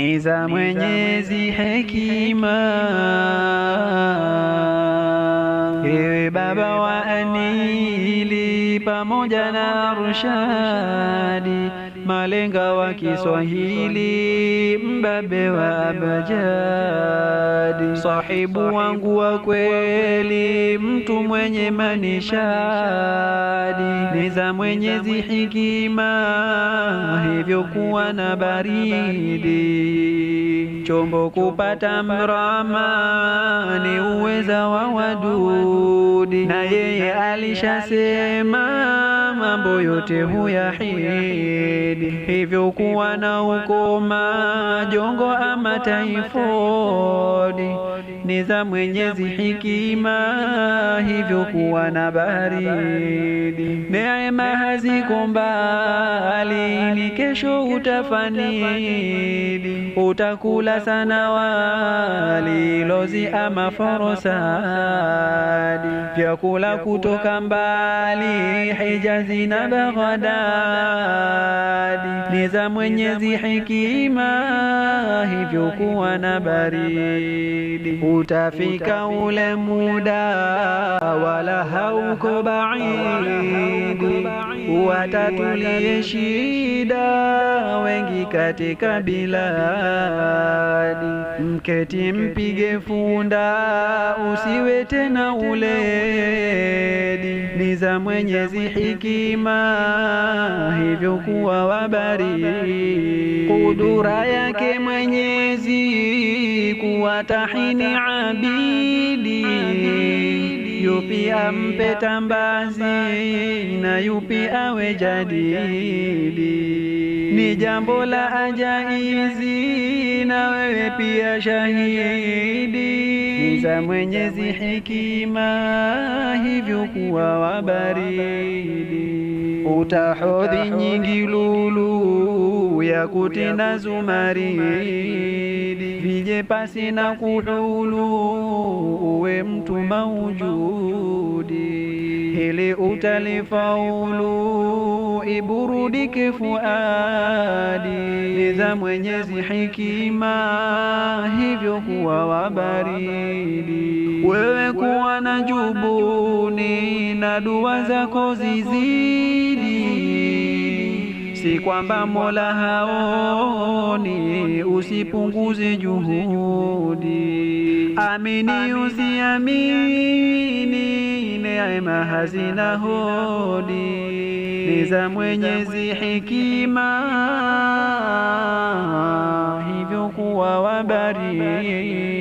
ni za Mwenyezi hekima. Ewe Baba wa anili pamoja na rushadi, malenga wa Kiswahili, mbabe wa abajadi ahadi, sahibu wangu wa kweli, mtu mwenye manishadi, ni za Mwenyezi hikima, hivyo kuwa na baridi, chombo kupata mrama, ni uweza wa wadudi, na yeye alishasema mambo yote huyahidi, hivyo kuwa na ukoma jongo ama taifodi ni za Mwenyezi hikima, hivyo kuwa na baridi. Neema haziko mbali, ni kesho utafanidi, utakula sana wali, lozi ama forosadi, vyakula kutoka mbali Hijazi na Baghdadi ni za Mwenyezi hekima, hivyo kuwa na baridi. Utafika ule muda, wala hauko baidi. watatulie shida wengi katika biladi. Mketi mpige funda, usiwe tena uledi. Ni za Mwenyezi hikima, hivyo kuwa wabari Kudura yake Mwenyezi kuwatahini abidi yupi ampe tambazi na yupi awe jadili. Ni jambo la ajaizi, na wewe pia shahidi za Mwenyezi hikima hivyo kuwa wabaridi. Utahodhi nyingi lulu ya na zumaridi, vije pasi na kuhulu, uwe mtu maujudi utalifaulu, iburudike fuadi, liza Mwenyezi hikima, hivyo kuwa wabaridi. Wewe kuwa na jubuni na dua zako zizidi, si kwamba Mola haoni, usipunguze juhudi ameniuzia mimi neema hazina hodi, ni za Mwenyezi hikima, hivyo kuwa wabariki